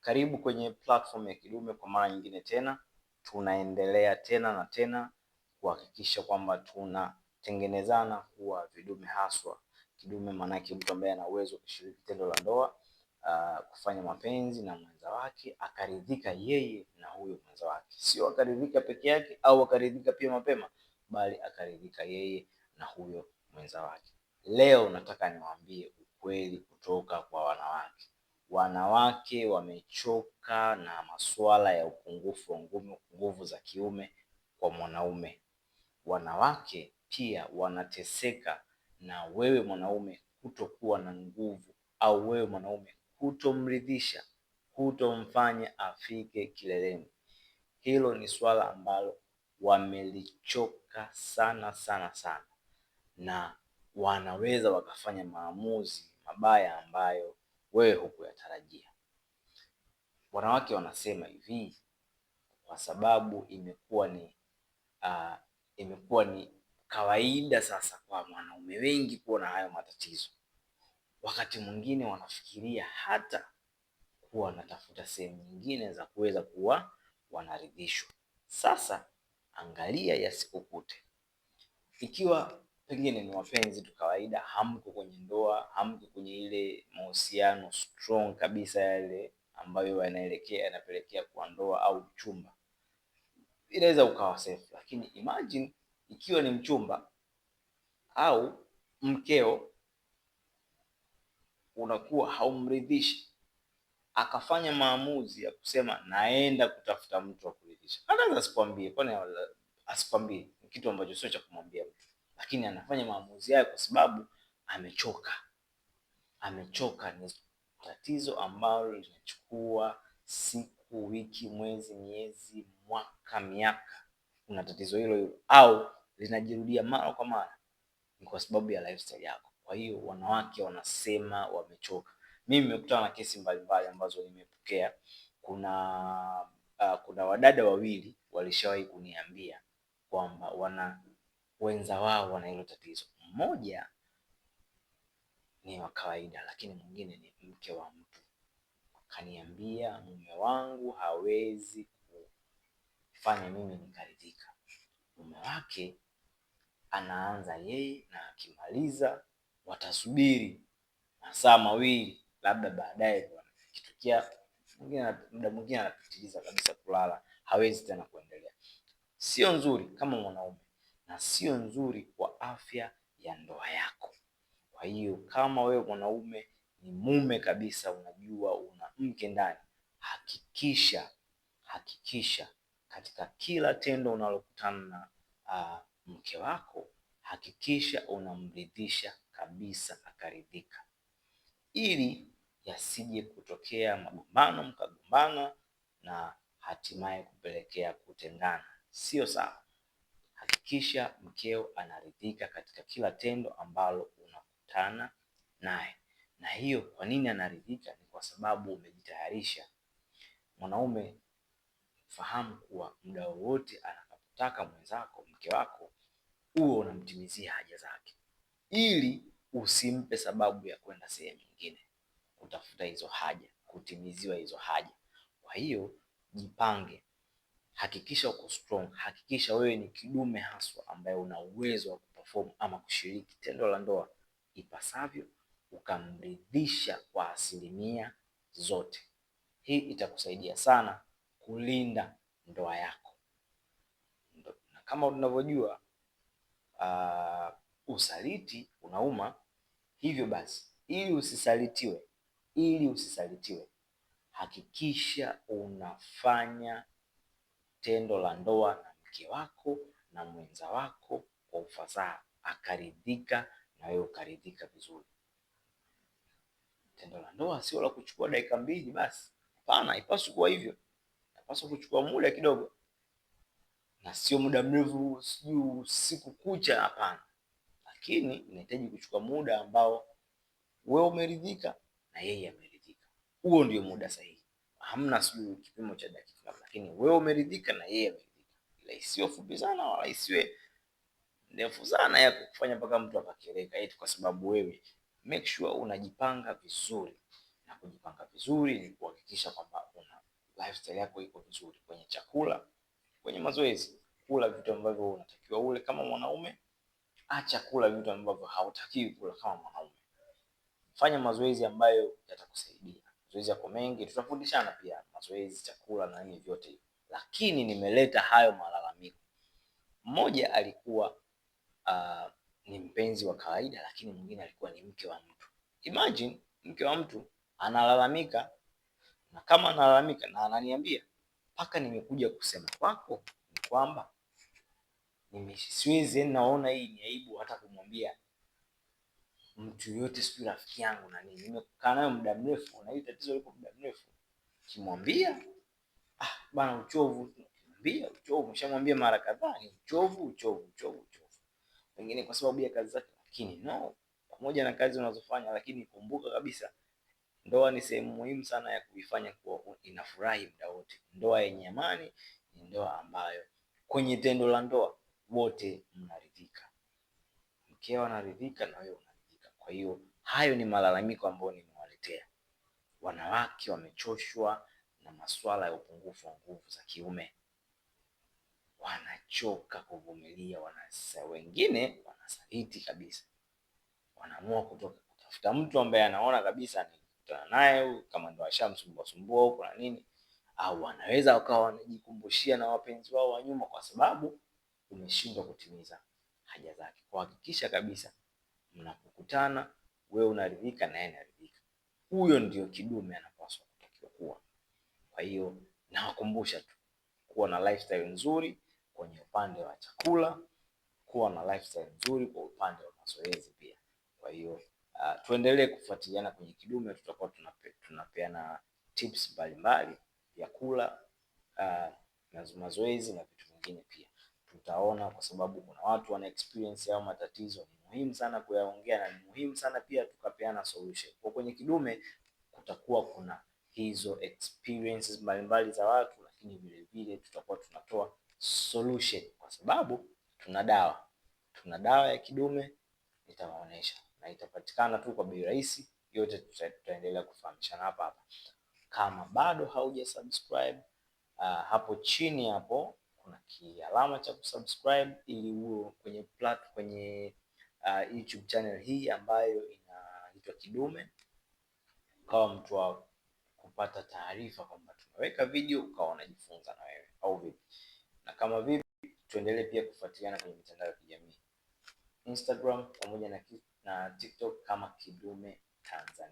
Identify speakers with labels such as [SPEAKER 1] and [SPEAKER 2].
[SPEAKER 1] Karibu kwenye platform ya Kidume kwa mara nyingine tena. Tunaendelea tena na tena kuhakikisha kwamba tunatengenezana kuwa vidume haswa. Kidume maanake mtu ambaye ana uwezo kushiriki tendo la ndoa, uh, kufanya mapenzi na mwenza wake akaridhika yeye na huyo mwenza wake, sio akaridhika peke yake au akaridhika pia mapema, bali akaridhika yeye na huyo mwenza wake. Leo nataka niwaambie ukweli kutoka kwa wanawake. Wanawake wamechoka na masuala ya upungufu wa nguvu za kiume kwa mwanaume. Wanawake pia wanateseka na wewe mwanaume kutokuwa na nguvu, au wewe mwanaume kutomridhisha, kutomfanya afike kileleni. Hilo ni swala ambalo wamelichoka sana sana sana, na wanaweza wakafanya maamuzi mabaya ambayo wewe hukuyatarajia. Wanawake wanasema hivi kwa sababu imekuwa ni uh, imekuwa ni kawaida sasa kwa wanaume wengi kuwa na hayo matatizo. Wakati mwingine wanafikiria hata kuwa wanatafuta sehemu nyingine za kuweza kuwa wanaridhishwa. Sasa angalia yasikukute. Ikiwa pengine ni wapenzi tu kawaida, hamko kwenye ndoa, hamko kwenye ile mahusiano strong kabisa yale ambayo yanaelekea yanapelekea kwa ndoa au mchumba inaweza ukawa safe. Lakini imagine ikiwa ni mchumba au mkeo unakuwa haumridhishi, akafanya maamuzi ya kusema naenda kutafuta mtu wa kuridhisha, hata asikwambie. Kwani asikwambie kitu ambacho sio cha kumwambia mtu lakini anafanya maamuzi hayo kwa sababu amechoka. Amechoka ni tatizo ambalo linachukua siku, wiki, mwezi, miezi, mwaka, miaka, una tatizo hilo hilo au linajirudia mara kwa mara, ni kwa sababu ya lifestyle yako. Kwa hiyo wanawake wanasema wamechoka. Mimi nimekutana na kesi mbalimbali ambazo nimepokea. Kuna uh, kuna wadada wawili walishawahi kuniambia kwamba wana wenza wao wana hilo tatizo. Mmoja ni wa kawaida, lakini mwingine ni mke wa mtu. Kaniambia mume wangu hawezi kufanya mimi nikaridhika. Mume wake anaanza yeye, na akimaliza watasubiri masaa mawili, labda baadaye kitokea muda mwingine anapitiliza kabisa kulala, hawezi tena kuendelea. Sio nzuri kama mwanaume na sio nzuri kwa afya ya ndoa yako. Kwa hiyo kama wewe mwanaume ni mume kabisa, unajua una mke ndani, hakikisha hakikisha katika kila tendo unalokutana na uh, mke wako hakikisha unamridhisha kabisa, akaridhika, ili yasije kutokea magombano mkagombana na hatimaye kupelekea kutengana. Sio sawa hakikisha mkeo anaridhika katika kila tendo ambalo unakutana naye. Na hiyo kwa nini anaridhika? Ni kwa sababu umejitayarisha. Mwanaume, fahamu kuwa muda wowote anapotaka mwenzako, mke wako, huo unamtimizia haja zake, ili usimpe sababu ya kwenda sehemu nyingine kutafuta hizo haja, kutimiziwa hizo haja. Kwa hiyo jipange hakikisha uko strong, hakikisha wewe ni kidume haswa ambaye una uwezo wa kuperform ama kushiriki tendo la ndoa ipasavyo, ukamridhisha kwa asilimia zote. Hii itakusaidia sana kulinda ndoa yako, na kama unavyojua uh, usaliti unauma. Hivyo basi, ili usisalitiwe, ili usisalitiwe, hakikisha unafanya tendo la ndoa na mke wako na mwenza wako kwa ufasaha, akaridhika na wewe ukaridhika vizuri. Tendo la ndoa sio la kuchukua dakika mbili basi, hapana, haipaswi kuwa hivyo. napaswa kuchukua muda kidogo, na sio muda mrefu, sijui siku kucha, hapana. Lakini inahitaji kuchukua muda ambao wewe umeridhika na yeye ameridhika. Huo ndio muda sahihi hamna sijui kipimo cha dakika lakini wewe umeridhika na yeye ameridhika, ila isiwe fupi sana wala isiwe ndefu sana ya kufanya mpaka mtu akakereka eti kwa sababu wewe. Make sure unajipanga vizuri, na kujipanga vizuri ni kuhakikisha kwamba una lifestyle yako iko vizuri kwenye chakula, kwenye mazoezi. Kula vitu ambavyo unatakiwa ule kama mwanaume, acha kula vitu ambavyo hautakiwi kula kama mwanaume. Fanya mazoezi ambayo yatakusaidia mazoezi yako mengi, tutafundishana pia mazoezi, chakula na nini vyote, lakini nimeleta hayo malalamiko. Mmoja alikuwa uh, ni mpenzi wa kawaida, lakini mwingine alikuwa ni mke wa mtu. Imagine mke wa mtu analalamika, na kama analalamika na ananiambia mpaka nimekuja kusema kwako, ni kwamba siwezi, naona hii ni aibu hata kumwambia mtu yoyote, sijui rafiki yangu na nini, nimekaa nayo muda mrefu na hii tatizo liko muda mrefu, kimwambia ah, bana uchovu, kimwambia uchovu, shamwambia mara kadhaa ni uchovu, uchovu, uchovu, uchovu, pengine kwa sababu ya kazi zake, lakini no, pamoja na kazi unazofanya, lakini kumbuka kabisa ndoa ni sehemu muhimu sana ya kuifanya kuwa inafurahi muda wote. Ndoa yenye amani ni ndoa ambayo kwenye tendo la ndoa wote mnaridhika, mkeo anaridhika na wewe kwa hiyo hayo ni malalamiko ambayo nimewaletea. Wanawake wamechoshwa na masuala ya upungufu wa nguvu za kiume, wanachoka kuvumilia, wanasa wengine wanasaliti kabisa, wanaamua kutoka kutafuta mtu ambaye anaona kabisa nikutana naye kama ndo ashamsumbua sumbua huko na nini, au wanaweza wakawa wanajikumbushia na wapenzi wao wa nyuma, kwa sababu umeshindwa kutimiza haja zake. Kuhakikisha kabisa mnapokutana, wewe unaridhika na yeye anaridhika. Huyo ndio kidume anapaswa kutakiwa kuwa. Kwa hiyo nawakumbusha tu kuwa na lifestyle nzuri kwenye upande wa chakula, kuwa na lifestyle nzuri kwa upande wa mazoezi pia. Kwa hiyo uh, tuendelee kufuatiliana kwenye kidume, tutakuwa tunape, tunapeana tips mbalimbali ya kula uh, ah, na mazoezi na vitu vingine pia tutaona, kwa sababu kuna watu wana experience au matatizo. Ni muhimu sana kuyaongea na ni muhimu sana pia tukapeana solution. Kwa kwenye kidume kutakuwa kuna hizo experiences mbalimbali za watu, lakini vilevile tutakuwa tunatoa solution, kwa sababu tuna dawa, tuna dawa ya kidume itawaonesha na itapatikana tu kwa bei rahisi. Yote tutaendelea kufahamishana hapa hapa. Kama bado hauja subscribe, uh, ah, hapo chini hapo kuna kialama cha kusubscribe ili uwe kwenye plat, kwenye uh, YouTube channel hii ambayo inaitwa Kidume, ukawa mtu wa kupata taarifa kwamba tumeweka video, ukawa unajifunza na wewe, au vipi? Na kama vipi, tuendelee pia kufuatiliana kwenye mitandao ya kijamii Instagram pamoja na, na TikTok kama Kidume Tanzania.